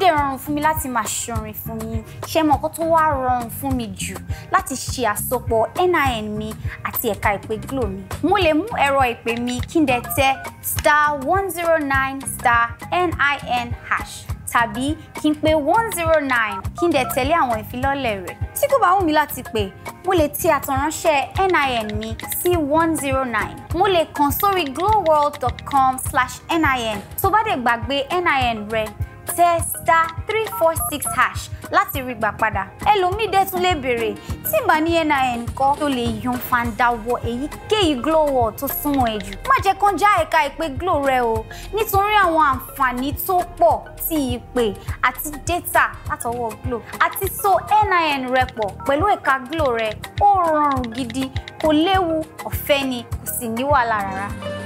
dẹ̀ rọrùn fún mi láti máa ṣorin fún yín ṣé mọ̀ nǹkan tó wá rọrùn fún mi jù láti ṣe àsopọ̀ NIN mi àti ẹ̀ka ìpè Glo mi mo lè mú ẹ̀rọ ìpè mi kí n dẹ̀ tẹ star one zero nine star NIN hash tàbí kí n pe one zero nine kí n dẹ̀ tẹ̀lé àwọn ìfilọ́lẹ̀ rẹ̀ tí kò bá wù mí láti pè mo lè ti àtọ̀ránṣẹ́ NIN mi sí one zero nine mo lè kàn sórí glowworld.com slash NIN tó bá dẹ̀ gbàgbé NIN rẹ tẹ star three four six hash láti rí gbà padà ẹlòmíì dẹ̀ tún lè béèrè tí ìbá ní NIN kọ́ tó lè yan fandawọ èyíkéyìí Glo World tó súnmọ́ ẹ jù má jẹ́ kán já ẹ̀ka ìpè Glo rẹ o nítorí àwọn àǹfààní tó pọ̀ ti ìpè àti data látọwọ́ Glo àti so NIN rẹ pọ̀ pẹ̀lú ẹ̀ka Glo rẹ ó rọrùn gidi kò léwu ọ̀fẹ́ ni kò sì ní wàhálà rárá.